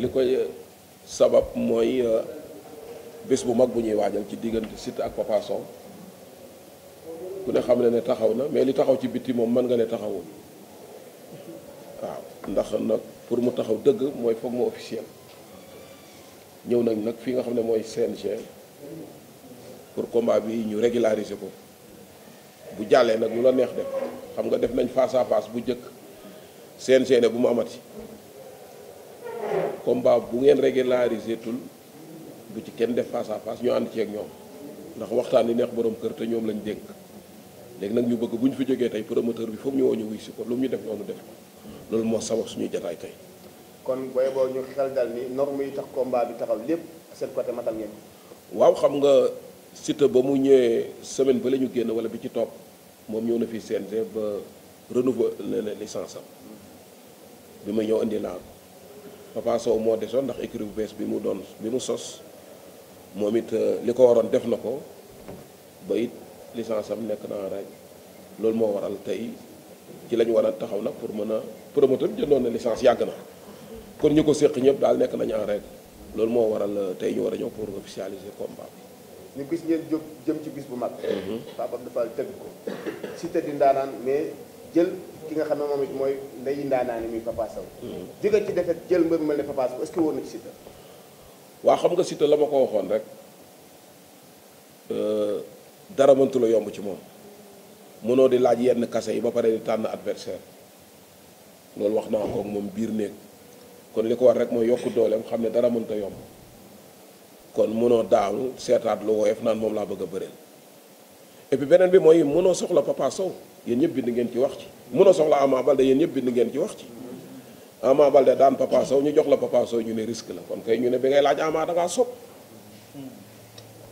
li koy euh, sabab mooy euh, bés bu mag bu ñuy waajal ci diggante Siteu ak Papa Sow ku ne xam ne ne taxaw na mais li taxaw ci biti moom mën nga ne taxawul waaw ndax nag pour mu taxaw dëgg mooy foog mu officiel ñëw nañ nag fi nga xam ne mooy CNG pour combat bi ñu régulariser ko bu jàllee nag lu la neex def xam nga def nañ face à face bu njëkk CNG ne bu mu amati. combat bu ngeen régulariser tul bu ci kenn def face à ñu ànd ci ak ñoom ndax waxtaan yi neex borom kër te ñoom lañ dénk léegi nag ñu bëgg bu ñu fi jógee tey promoteur bi foog ñu woo ñu wuy si ko lu mu ñu def noonu def ko loolu moo sabab suñuy jataay tey. kon booy boo ñu xel dal ni norme yi tax combat bi taxaw lépp seen côté matal ngeen. waaw xam nga Siteu ba mu ñëwee semaine ba la ñu génn wala bi ci topp moom ñëw na fii seen CNG ba renouveler licence am bi ma ñëw indi naa Papa Sow moo desoon ndax écurie bu bees bi mu doon bi mu sos moom it euh, li ko waroon def na ko ba it licence am nekk na raaj loolu moo waral tey ci lañu ñu war a taxaw nag pour mën a promoteur bi jëndoon na licence yàgg na kon ñu ko séq ñëpp daal nekk nañu en règle loolu moo waral euh, tey ñu war a ñëw pour officialiser combat bi. ñu gis ngeen jóg jëm ci gis bu mag. Mhm. Papa dafa tëgg ko. Siteu di ndaanaan mais jël. ki nga xam ne moom it mooy ndeyi ndaanaani muy Papa Sow hmm. jóge ci defet jël mbër ma ne Papa Sow est-ce que wóor na ci xam nga Siteu la ma ko waxoon rek euh, dara mëntula yomb ci moom mënoo di laaj yenn kase yi ba pare di tànn adversaire loolu wax naa ko moom biir néeg kon li ko war rek mooy yokk dooleem xam ne dara mënta yomb kon mënoo daanu seetaat lu woyof naan moom laa bëgg a bëreel et puis beneen bi mooy mënoo soxla Papa Sow yéen ñëpp bind ngeen ci wax ci mun a soxla Ama Baldé yéen ñëpp bind ngeen ci wax ci Ama Baldé daan Papa ñu jox la Papa Sow ñu ne risque la kon kay ñu ne bi ngay laaj Ama da ngaa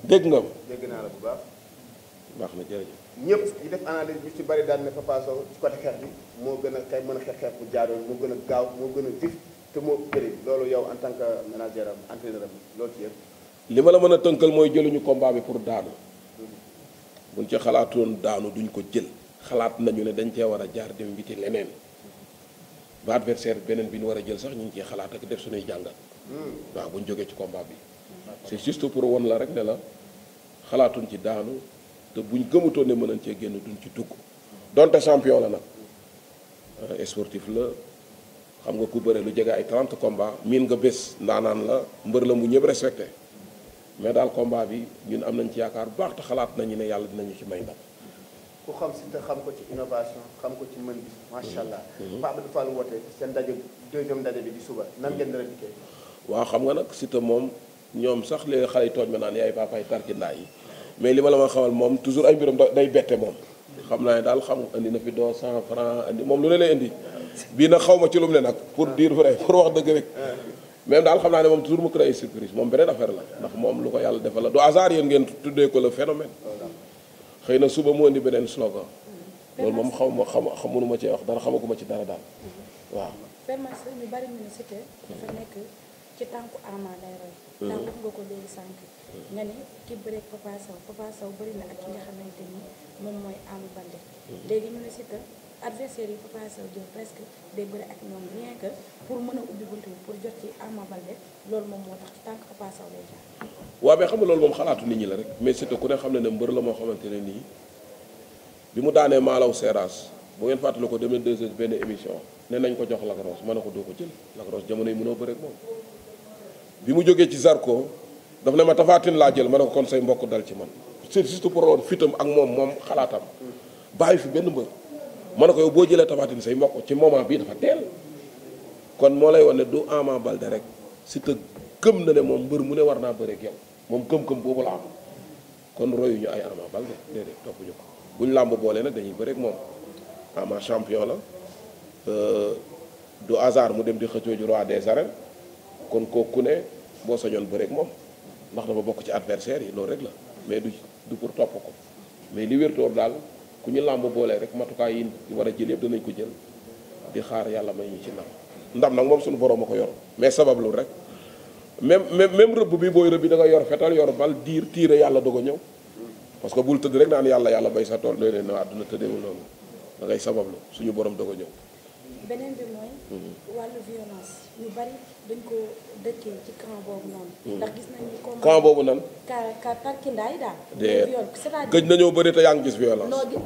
dégg nga ma. dégg naa la bu baax. baax na jërëjëf. ñëpp ñu def analyse bi ci bari daan ne Papa Sow ci côté xeex bi moo gën a kay mën a xeex xeex bu jaadoon moo gën a gaaw moo gën a vif te moo bëri loolu yow en tant que manager am entraîneur am loolu ci yëpp. li ma la mën a tënkal mooy jëluñu combat bi pour daanu. Mm-hmm. ci xalaatoon daanu duñ ko jël. xalaat nañu ne dañ cee war a jaar dem biti leneen ba adversaire beneen bi ñu war a jël sax ñu ngi ciy xalaat ak def suñuy jàngat hmm. waaw bu ñu jógee ci combat bi c'est juste pour won la rek ne la xalaatuñ ci daanu te buñ gëmutoon ne mënañ cee génn duñ ci dugg donte champion la nag euh, sportif la xam nga ku bëre lu jege ay 30 combats miin nga bés ndaanaan la mbër la mu ñëpp respecté mais daal combat bi ñun am nañ ci yaakaar bu baax te xalaat nañu ne yàlla dinañu ci may ndam ku xam si xam ko ci innovation xam ko ci mën bi macha allah. Mm-hmm. Pape Abdou woote seen ndaje deuxième ndaje bi di suba nan ngeen dara dikkee. xam nga nag si moom ñoom sax léegi xale yi tooñ ma naan yaay papaay tarkindaa yi mais li ma la ma xamal moom toujours ay mbiram day bette moom. xam naa ne daal xam nga indi na fi doo cent franc indi moom lu ne lay indi bii nag xaw ma ci lu mu ne nag pour dire vrai pour wax dëgg rek. même daal xam naa ne moom toujours mu créé surprise moom beneen affaire la ndax moom lu ko yàlla defal la tuddee ko le phénomène. xëy na suba mu indi beneen slogan loolu moom xaw ma xam xamunu ma cee wax dara xamaguma ci dara daal waaw. permanence ñu bari ñu ne Siteu dafa nekk ci tànku Ama lay roy. Hmm. ndax wax nga ko léegi sànq. nga ne ki bëreeg Papa Sow bëri na ak ki nga xamante ni moom mooy Ama Baldé hmm. léegi ñu ne adversaire yi Papa pour mën a ubbi bunt loolu moom moo tax xam nga loolu moom xalaatu nit ñi la rek mais surtout ku ne xam ne ne mbër la moo xamante ne nii bi mu daanee maalaw seeraas bu ngeen fàttali ko 2002 benn émission ne nañ ko jox Lac Rose ma ne ko doo ko jël Lac Rose jamono yi mënoo bëri ak moom bi mu jógee ci Zarko daf ne ma tafaatin laa jël ma ne ko kon say mbokk dal ci man c'est juste pour woon fitam ak moom moom xalaatam bàyyi fi benn mbër. ma ne ko yow boo jëlee Tapha Tine say mbokk ci moment bii dafa teel kon moo lay wan ne du Ama balde rek Siteu gëm na ne moom mbër mu ne war naa bëreeg yow moom gëm-gëm boobu la am kon royu ñu ay Ama Baldé déedéet toppuñu ko buñ làmb boolee nag dañuy bëreeg moom Ama champion la euh, du hasard mu dem di xëccoo ju roi des arènes kon kooku ne boo sañoon bëreeg moom ndax dafa bokk ci adversaire yi loolu rek la mais du pour topp ko mais li wértoor daal ku ñu làmb boole rek matukaay yi war a jël yëpp danañ ko jël di xaar yàlla may ñu ci ndam ndax nag moom suñu borom a ko yor mais sabab lu rek même même même rëbb bi booy rëbb bi da nga yor fetal yor bal diir tiire yàlla doog a ñëw parce que bul tëdd rek naan yàlla yàlla bay sa tool doy leen na àdduna tëddeewul noonu da ngay sabablu suñu borom doog a ñëw beneen bi mooy. Mhm. wàllu violence ñu bari dañ ko dëkkee ci camp boobu noonu. Mhm. ndax gis nañu comme. boobu nan. ka ka parkindaay daal. de gëj nañoo bëri te yaa ngi gis violence. non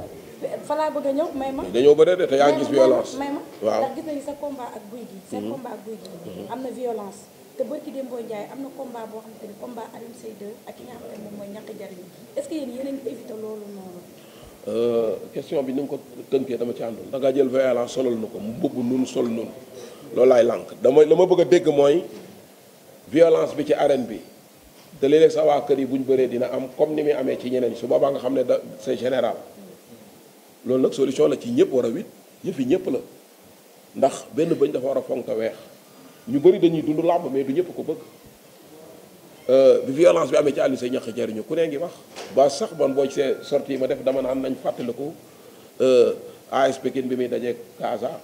fa laa bëgg a ñëw may ma. dañoo bëri de te yaa ngi gis waaw ndax gis nañu sa combat ak guy gi. sa mhm. combat ak guy gi. am na violence. te barki Dembo Ndiaye am na combat boo xamante ni combat Alioune Seye 2 ak ki nga xamante ne moom mooy ñàkk jariñ est-ce que yéen a ngi éviter loolu noonu. Euh, question bi ni nga ko tënkee dama ci àndoon da ngaa jël violence solal na ko mu bëgg nun sol nun loolu laay lànk dama la ma bëgg a dégg mooy violence bi ci arène bi te léeg-léeg sa waa kër yi bu ñu bëree dina am comme ni muy amee ci ñeneen su boobaa nga xam ne da c'est général loolu nag solution la ci ñëpp war a wit yëf yi ñëpp la ndax benn bëñ dafa war a fonk weex ñu bëri dañuy dund làmb mais du ñëpp ko bëgg Euh, bi violence bi amee ci àll say ñaq jëriñu ku ne ngi wax ba sax man boo ci sorti yi ma def dama naan nañ fàttaliku euh, AS Pikine bi muy dajeeg Casa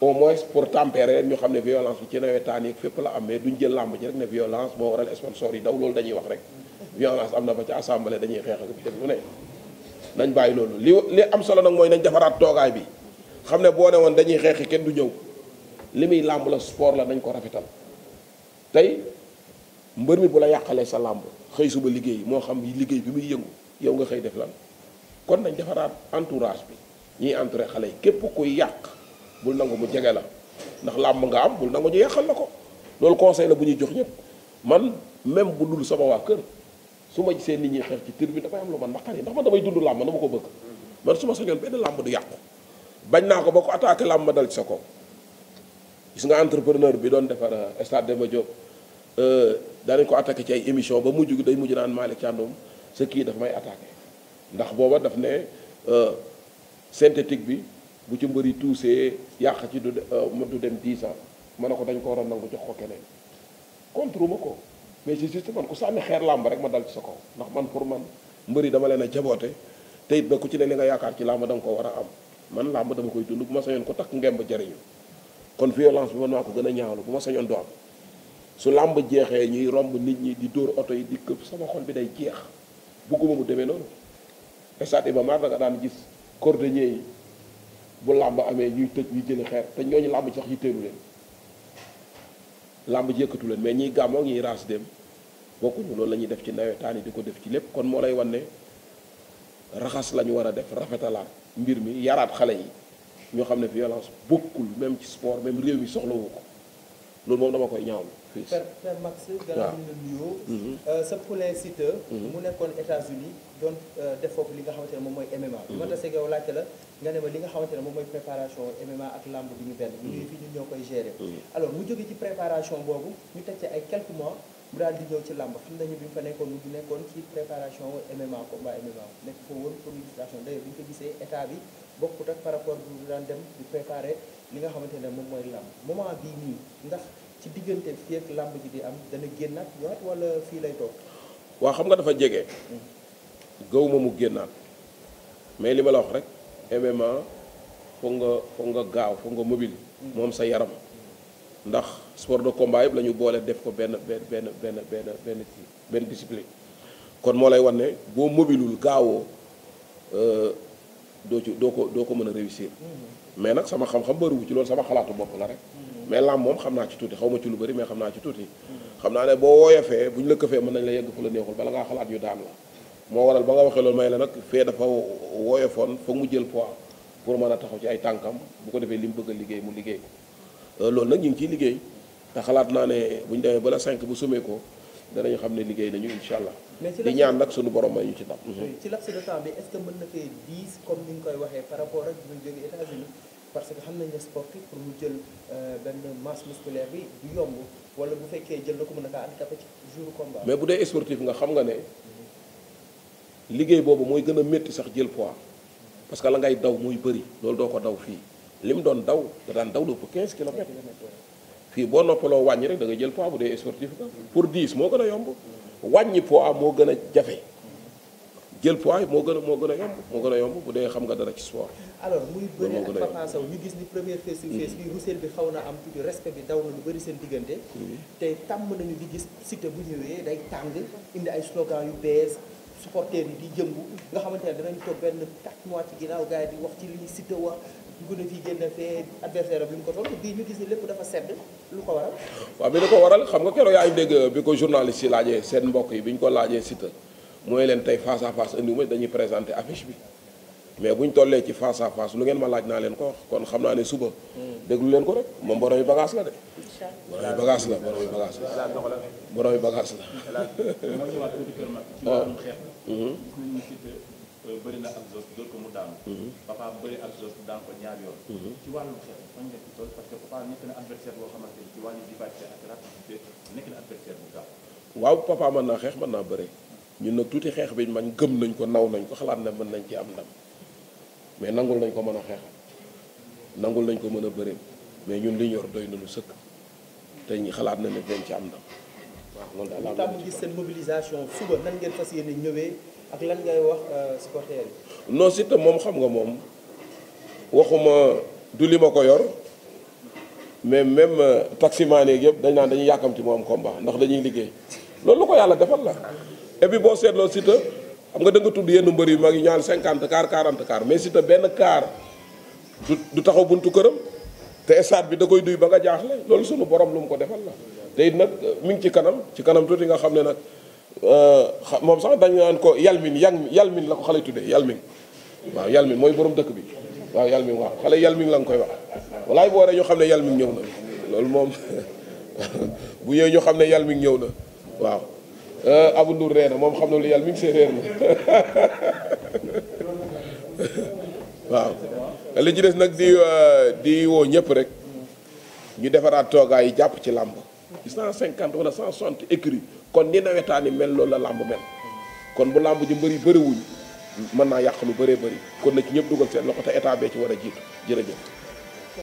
au moins pour tempérer ñu xam ne violence bi ci nawetaan yi fépp la am mais duñ jël làmb ji rek ne violence moo waral sponsor yi daw loolu dañuy wax rek violence am na fa ci assemblée dañuy xeex ak def lu ne nañ bàyyi loolu li li am solo nag mooy nañ defaraat toogaay bi xam ne boo ne woon dañuy xeexi kenn du ñëw li muy làmb la sport la nañ ko rafetal mbër mi bu la yàqalee sa làmb xëy suba liggéey moo xam liggéey bi muy yëngu yow nga xëy def lan kon nañ defaraat entourage bi ñuy entouré xale yi képp kuy yàq bul nangu mu jege la ndax làmb nga am bul nangu ñu yàqal na ko loolu conseil la bu ñuy jox ñëpp man même bu dul sama waa kër su ma gisee nit ñi xeex ci tur bi dafay am lu man naqar yi ndax man damay dund làmb dama ko bëgg man su ma sañoon benn làmb du yàqu bañ naa ko ba ko attaqué làmb dal sa kaw gis nga entrepreneur bi doon defar stade Demba Diop Euh, danañ ko attaqué ci ay émission ba mujj gi day mujj naan Malick Thiandoum sa kii dafa may attaqué ndax booba daf ne euh, synthétique bi bu ci mbëri tuusee yàq ci du euh, du dem 10 ans ma ne ko dañ ko war a nangu jox ko keneen contre ma ko mais c'est juste man ku sànni xeer làmb rek ma dal ci sa kaw ndax man pour man mbëri dama leen a jaboote te it ba ku ci ne li nga yaakaar ci làmb da nga ko war a am man làmb dama koy dund bu ma sañoon ko takk ngemb jariñu kon violence bi man maa ko gën a bu ma sañoon do su làmb jeexee ñuy romb nit ñi di dóor oto yi di këpp sama xol bi day jeex bugguma mu demee noonu stade Iba Mar da nga daan gis cordonnier yi bu làmb amee ñuy tëj ñuy jëli xeer te ñooñu làmb sax yitteelu leen làmb jëkkatu leen mais ñiy gàmmoo ñuy raas dem bokkuñu loolu la ñuy def ci nawetaan yi di ko def ci lépp kon moo lay wan raxas lañu ñu war a def rafetalaat mbir mi yaraat xale yi ñoo xam ne violence bokkul même ci sport même réew mi soxlawu ko loolu moom koy ñaawlu père père Max gannaaw ñu la nuyoo sa poulain Siteu mu nekkoon États-Unis doon euh, def foofu li nga xamante ne moom mooy MMA bi ma tasee yow laajte la li nga xamante ne moom mooy préparation MMA ak lamb bi ñu benn ñu mm-hmm. ñuy fii ñun ñoo koy mm-hmm. ci préparation boobu ñu teg ci ay quelques mois mu daal di ñëw ci làmb xam nañu bi fa nekkoon mu nekkoon ci préparation MMA combat MMA nekk foo woon pour bi ko gisee état bi bokkut ak par rapport bi mu dem di préparer li nga xamante ne moom mooy làmb moment bii nii ndax ci diggante fii ak làmb ji di am dana génnaat ñëwaat wala fii lay toog. waa xam nga dafa jege. gaw ma mu génnaat mais li ma la wax rek MMA foog nga foog nga gaaw foog nga mobile. moom sa yaram. ndax sport de combat yëpp la ñu boole def ko benn benn benn benn benn benn benn discipline. kon moo lay wan ne boo mobilul gaawoo euh, doo ci doo ko doo ko mën a réussir. Mm-hmm. mais nag sama xam-xam bëriwu ci loolu sama xalaatu bopp la rek. Mm-hmm. mais làmb moom xam naa ci tuuti xaw ma ci lu bëri mais xam naa ci tuuti xam naa ne boo wooyofee bu ñu la këfee mën nañ la yegg fu la neexul bala ngaa xalaat yu daan moo waral ba nga waxee loolu may la nag fee dafa wooyofoon foog mu jël poids pour mën a taxaw ci ay tànkam bu ko defee li mu bëgg a liggéey mu liggéey euh, loolu nag ñu ngi ciy liggéey te xalaat naa ne bu ñu demee bala 5 bu sumee ko danañu xam ne liggéey nañu incha allah di ñaan nag suñu borom may ñu ci tam comme ni nga koy waxee par rapport ak ñu parce que xam nañ ne sportif pour mu jël euh, benn masse musculaire bi yomb wala bu fekkee jël na ko mën a kaa handicapé ci mais bu dee sportif nga xam nga ne liggéey boobu mooy gën a métti sax jël pois parce que la ngay daw muy bëri loolu doo ko daw fii li mu doon daw da daan daw lu ëpp 15 kilomètres. fii boo noppaloo wàññi rek da nga jël poids bu dee sportif nga pour 10 moo gën a yomb wàññi poids moo gën a jafe. jël poids moo gën a moo gën a yomb moo gën a yomb bu dee xam nga dara ci sport. alors muy bëri ak Papa Sow ñu gis ni première face to face bi mm-hmm. Roussel bi xaw na am tuuti respect bi daw na lu bëri seen diggante. Mm-hmm. te tàmm nañu di gis Siteu bu ñëwee day tàng indi ay slogan yu bees supporters yi di jëmbu nga xamante ne danañ toog benn 4 mois ci ginnaaw gars yi di wax ci li ñu Siteu wax dugg na fii génn fee adversaire bi mu ko toll bii ñu gis ni lépp dafa sedd lu ko waral. waaw bi da ko waral xam nga keroog yaa ngi dégg bi ko journaliste yi laajee seen mbokk yi bi ñu ko laajee Siteu. mooy leen tey face à face andiwuma dañuy présenter affiche bi mais bu ñu tollee ci face à face lu ngeen ma laaj naa leen ko wax kon xam naa ne suba. déglu leen ko rek moom borom yi bagage la de. borom yi bagage la borom yi bagage la. borom yi bagage la. bëri na ah. ak ko mu mhm. daanu. papa bëri ak Zoss yoon. ci wàllu xeex fan nga ci toll parce que papa nekk na adversaire na waaw papa mën naa xeex man naa bëre. ñun nag tuuti xeex bi man gëm nañ ko naw nañ ko xalaat na mën nañ ci am ndam mais nangul nañ ko mën a xeex nangul nañ ko mën a bëri mais ñun li yor doy nañu sëkk te ñu xalaat na ne dañ ci am ndam waaw loolu daal la am seen mobilisation suba nan ngeen fas yéene ñëwee ak lan ngay wax euh, supporters yi. non surtout moom xam nga moom waxuma du li ma ko yor mais même euh, taximaan yeeg yëpp dañ naan dañuy yàkkamti moom am combat ndax dañuy liggéey loolu ko yàlla defal la. et boo seetloo Siteu xam nga da tudd yenn mbër yu mag yi ñaan cinquante car quarante car mais Siteu benn car du du taxaw buntu këram te stade bi da koy duy ba nga jaaxle loolu suñu borom lu mu ko defal la te it nag euh, mi ngi ci kanam ci kanam tuuti nga xam ne nag euh, moom sax dañu naan ko yalmin yalmin la ko xale tuddee yalmin waaw yalmin mooy borom dëkk bi waaw yalmin waaw xale yalmin la nga koy wax walaay boo xam ne yalmin ñëw na loolu moom bu ñëwee ñu xam ne yalmin ñëw na waaw Euh, Abou Ndour ree na moom xam na lu yàlla mi ngi séeréer la waaw li ci des nag di euh, di woo ñëpp rek ñu defaraat toogaay yi jàpp ci làmb cinquante 150 cent 160 écrits kon nii ni nawetaani mel loolu la làmb mel kon bu làmb ji mbëri bëriwuñ mën naa yàq lu bëree bëri kon na ci ñëpp dugal seen loxo te état bee ci war a jiitu jërëjëf